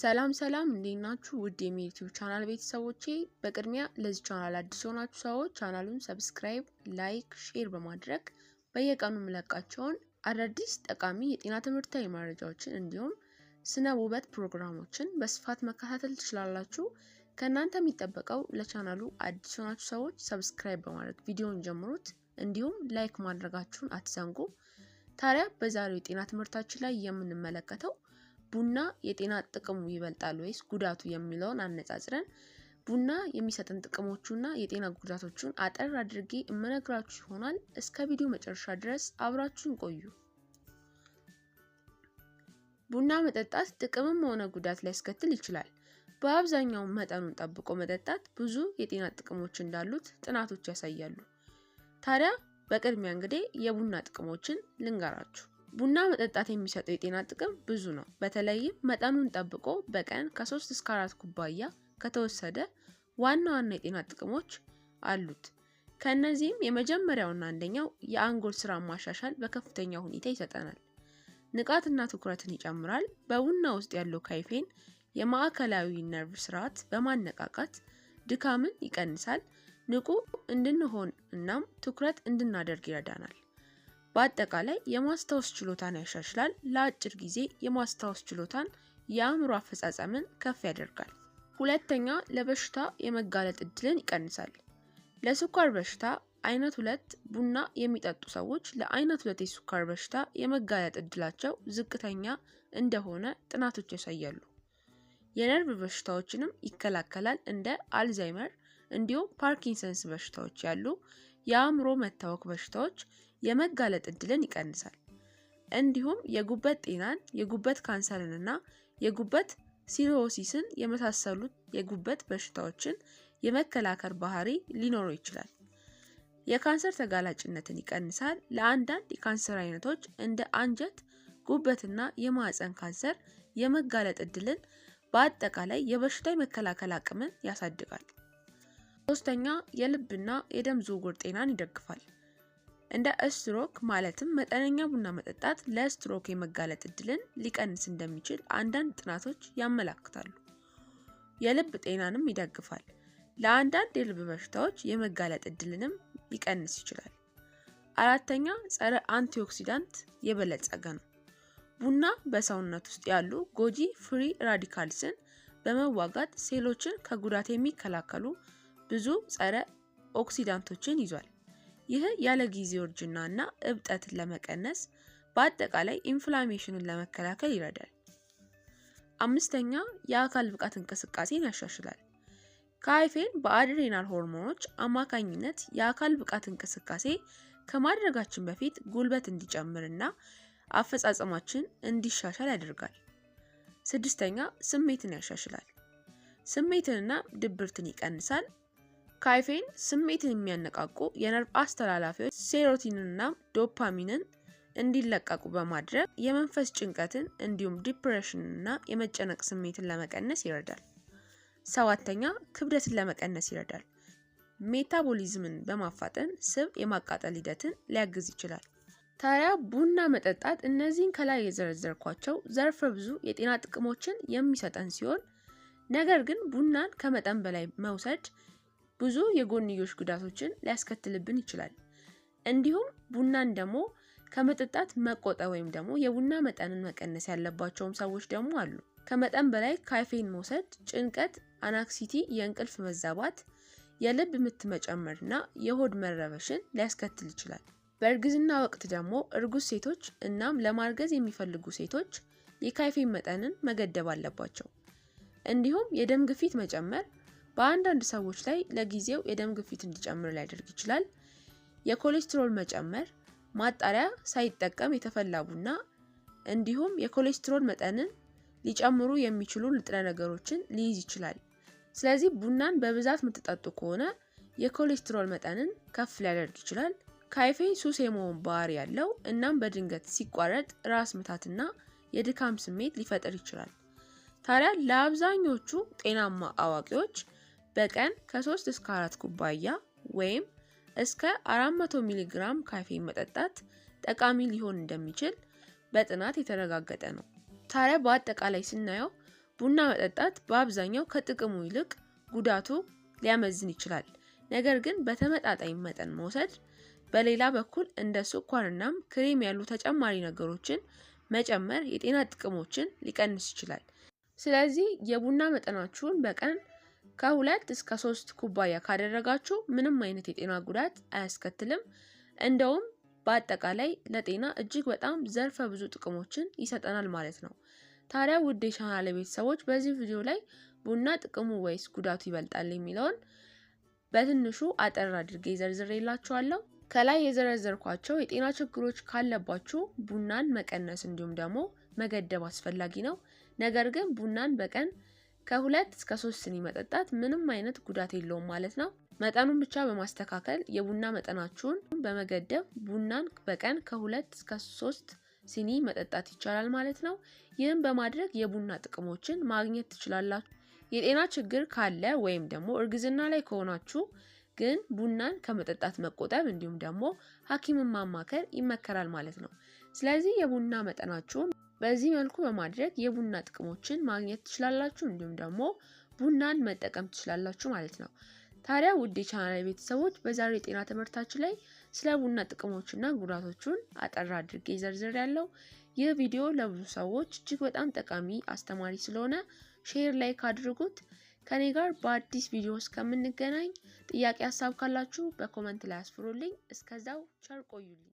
ሰላም ሰላም እንዴት ናችሁ? ውድ የሚል ቻናል ቤተሰቦቼ፣ በቅድሚያ ለዚህ ቻናል አዲስ የሆናችሁ ሰዎች ቻናሉን ሰብስክራይብ፣ ላይክ፣ ሼር በማድረግ በየቀኑ የምለቃቸውን አዳዲስ ጠቃሚ የጤና ትምህርታዊ መረጃዎችን እንዲሁም ስነ ውበት ፕሮግራሞችን በስፋት መከታተል ትችላላችሁ። ከእናንተ የሚጠበቀው ለቻናሉ አዲስ የሆናችሁ ሰዎች ሰብስክራይብ በማድረግ ቪዲዮውን ጀምሩት፣ እንዲሁም ላይክ ማድረጋችሁን አትዘንጉ። ታዲያ በዛሬው የጤና ትምህርታችን ላይ የምንመለከተው ቡና የጤና ጥቅሙ ይበልጣል ወይስ ጉዳቱ የሚለውን አነጻጽረን ቡና የሚሰጠን ጥቅሞቹና የጤና ጉዳቶቹን አጠር አድርጌ እመነግራችሁ ይሆናል። እስከ ቪዲዮ መጨረሻ ድረስ አብራችሁን ቆዩ። ቡና መጠጣት ጥቅምም ሆነ ጉዳት ሊያስከትል ይችላል። በአብዛኛው መጠኑን ጠብቆ መጠጣት ብዙ የጤና ጥቅሞች እንዳሉት ጥናቶች ያሳያሉ። ታዲያ በቅድሚያ እንግዲህ የቡና ጥቅሞችን ልንገራችሁ። ቡና መጠጣት የሚሰጠው የጤና ጥቅም ብዙ ነው። በተለይም መጠኑን ጠብቆ በቀን ከ3 እስከ 4 ኩባያ ከተወሰደ ዋና ዋና የጤና ጥቅሞች አሉት። ከእነዚህም የመጀመሪያውና አንደኛው የአንጎል ስራ ማሻሻል በከፍተኛ ሁኔታ ይሰጠናል። ንቃትና ትኩረትን ይጨምራል። በቡና ውስጥ ያለው ካይፌን የማዕከላዊ ነርቭ ስርዓት በማነቃቃት ድካምን ይቀንሳል። ንቁ እንድንሆን እናም ትኩረት እንድናደርግ ይረዳናል። በአጠቃላይ የማስታወስ ችሎታን ያሻሽላል፣ ለአጭር ጊዜ የማስታወስ ችሎታን፣ የአእምሮ አፈጻጸምን ከፍ ያደርጋል። ሁለተኛ፣ ለበሽታ የመጋለጥ እድልን ይቀንሳል። ለስኳር በሽታ አይነት ሁለት ቡና የሚጠጡ ሰዎች ለአይነት ሁለት የስኳር በሽታ የመጋለጥ እድላቸው ዝቅተኛ እንደሆነ ጥናቶች ያሳያሉ። የነርቭ በሽታዎችንም ይከላከላል፣ እንደ አልዛይመር እንዲሁም ፓርኪንሰንስ በሽታዎች ያሉ የአእምሮ መታወክ በሽታዎች የመጋለጥ እድልን ይቀንሳል። እንዲሁም የጉበት ጤናን፣ የጉበት ካንሰርን እና የጉበት ሲሮሲስን የመሳሰሉት የጉበት በሽታዎችን የመከላከል ባህሪ ሊኖረው ይችላል። የካንሰር ተጋላጭነትን ይቀንሳል። ለአንዳንድ የካንሰር አይነቶች እንደ አንጀት፣ ጉበትና የማህፀን ካንሰር የመጋለጥ እድልን፣ በአጠቃላይ የበሽታ የመከላከል አቅምን ያሳድጋል። ሶስተኛ የልብና የደም ዝውውር ጤናን ይደግፋል። እንደ ስትሮክ ማለትም መጠነኛ ቡና መጠጣት ለስትሮክ የመጋለጥ እድልን ሊቀንስ እንደሚችል አንዳንድ ጥናቶች ያመላክታሉ። የልብ ጤናንም ይደግፋል። ለአንዳንድ የልብ በሽታዎች የመጋለጥ እድልንም ሊቀንስ ይችላል። አራተኛ ጸረ አንቲኦክሲዳንት የበለጸገ ነው። ቡና በሰውነት ውስጥ ያሉ ጎጂ ፍሪ ራዲካልስን በመዋጋት ሴሎችን ከጉዳት የሚከላከሉ ብዙ ጸረ ኦክሲዳንቶችን ይዟል። ይህ ያለ ጊዜ እርጅና እና እብጠትን ለመቀነስ በአጠቃላይ ኢንፍላሜሽንን ለመከላከል ይረዳል። አምስተኛ የአካል ብቃት እንቅስቃሴን ያሻሽላል። ካይፌን በአድሬናል ሆርሞኖች አማካኝነት የአካል ብቃት እንቅስቃሴ ከማድረጋችን በፊት ጉልበት እንዲጨምርና አፈጻጸማችን እንዲሻሻል ያደርጋል። ስድስተኛ ስሜትን ያሻሽላል። ስሜትንና ድብርትን ይቀንሳል፣ ካይፌን ስሜትን የሚያነቃቁ የነርቭ አስተላላፊዎች ሴሮቲንንና ዶፓሚንን እንዲለቀቁ በማድረግ የመንፈስ ጭንቀትን እንዲሁም ዲፕሬሽንና የመጨነቅ ስሜትን ለመቀነስ ይረዳል። ሰባተኛ ክብደትን ለመቀነስ ይረዳል። ሜታቦሊዝምን በማፋጠን ስብ የማቃጠል ሂደትን ሊያግዝ ይችላል። ታዲያ ቡና መጠጣት እነዚህን ከላይ የዘረዘርኳቸው ዘርፈ ብዙ የጤና ጥቅሞችን የሚሰጠን ሲሆን ነገር ግን ቡናን ከመጠን በላይ መውሰድ ብዙ የጎንዮሽ ጉዳቶችን ሊያስከትልብን ይችላል። እንዲሁም ቡናን ደግሞ ከመጠጣት መቆጠብ ወይም ደግሞ የቡና መጠንን መቀነስ ያለባቸውም ሰዎች ደግሞ አሉ። ከመጠን በላይ ካፌን መውሰድ ጭንቀት፣ አናክሲቲ፣ የእንቅልፍ መዛባት፣ የልብ ምት እና የሆድ መረበሽን ሊያስከትል ይችላል። በእርግዝና ወቅት ደግሞ እርጉዝ ሴቶች እናም ለማርገዝ የሚፈልጉ ሴቶች የካፌን መጠንን መገደብ አለባቸው። እንዲሁም የደም ግፊት መጨመር በአንዳንድ ሰዎች ላይ ለጊዜው የደም ግፊት እንዲጨምር ሊያደርግ ይችላል። የኮሌስትሮል መጨመር ማጣሪያ ሳይጠቀም የተፈላ ቡና እንዲሁም የኮሌስትሮል መጠንን ሊጨምሩ የሚችሉ ንጥረ ነገሮችን ሊይዝ ይችላል። ስለዚህ ቡናን በብዛት የምትጠጡ ከሆነ የኮሌስትሮል መጠንን ከፍ ሊያደርግ ይችላል። ካይፌን ሱስ የመሆን ባህሪ ያለው እናም በድንገት ሲቋረጥ ራስ ምታትና የድካም ስሜት ሊፈጥር ይችላል። ታዲያ ለአብዛኞቹ ጤናማ አዋቂዎች በቀን ከ3 እስከ 4 ኩባያ ወይም እስከ 400 ሚሊ ግራም ካፌን መጠጣት ጠቃሚ ሊሆን እንደሚችል በጥናት የተረጋገጠ ነው። ታዲያ በአጠቃላይ ስናየው ቡና መጠጣት በአብዛኛው ከጥቅሙ ይልቅ ጉዳቱ ሊያመዝን ይችላል። ነገር ግን በተመጣጣኝ መጠን መውሰድ፣ በሌላ በኩል እንደ ስኳርናም ክሬም ያሉ ተጨማሪ ነገሮችን መጨመር የጤና ጥቅሞችን ሊቀንስ ይችላል። ስለዚህ የቡና መጠናችሁን በቀን ከሁለት እስከ ሶስት ኩባያ ካደረጋችሁ ምንም አይነት የጤና ጉዳት አያስከትልም። እንደውም በአጠቃላይ ለጤና እጅግ በጣም ዘርፈ ብዙ ጥቅሞችን ይሰጠናል ማለት ነው። ታዲያ ውድ የቻናሌ ቤተሰቦች በዚህ ቪዲዮ ላይ ቡና ጥቅሙ ወይስ ጉዳቱ ይበልጣል የሚለውን በትንሹ አጠር አድርጌ ዘርዝሬላችኋለሁ። ከላይ የዘረዘርኳቸው የጤና ችግሮች ካለባችሁ ቡናን መቀነስ እንዲሁም ደግሞ መገደብ አስፈላጊ ነው። ነገር ግን ቡናን በቀን ከሁለት እስከ ሶስት ስኒ መጠጣት ምንም አይነት ጉዳት የለውም ማለት ነው። መጠኑን ብቻ በማስተካከል የቡና መጠናችሁን በመገደብ ቡናን በቀን ከሁለት እስከ ሶስት ሲኒ መጠጣት ይቻላል ማለት ነው። ይህም በማድረግ የቡና ጥቅሞችን ማግኘት ትችላላችሁ። የጤና ችግር ካለ ወይም ደግሞ እርግዝና ላይ ከሆናችሁ ግን ቡናን ከመጠጣት መቆጠብ እንዲሁም ደግሞ ሐኪምን ማማከር ይመከራል ማለት ነው። ስለዚህ የቡና መጠናችሁን በዚህ መልኩ በማድረግ የቡና ጥቅሞችን ማግኘት ትችላላችሁ፣ እንዲሁም ደግሞ ቡናን መጠቀም ትችላላችሁ ማለት ነው። ታዲያ ውድ የቻናል ቤተሰቦች በዛሬ የጤና ትምህርታችን ላይ ስለ ቡና ጥቅሞችና ጉዳቶቹን አጠር አድርጌ ዘርዝር ያለው ይህ ቪዲዮ ለብዙ ሰዎች እጅግ በጣም ጠቃሚ አስተማሪ ስለሆነ ሼር ላይ ካድርጉት። ከኔ ጋር በአዲስ ቪዲዮ እስከምንገናኝ ጥያቄ ሀሳብ ካላችሁ በኮመንት ላይ አስፍሩልኝ። እስከዛው ቸር ቆዩልኝ።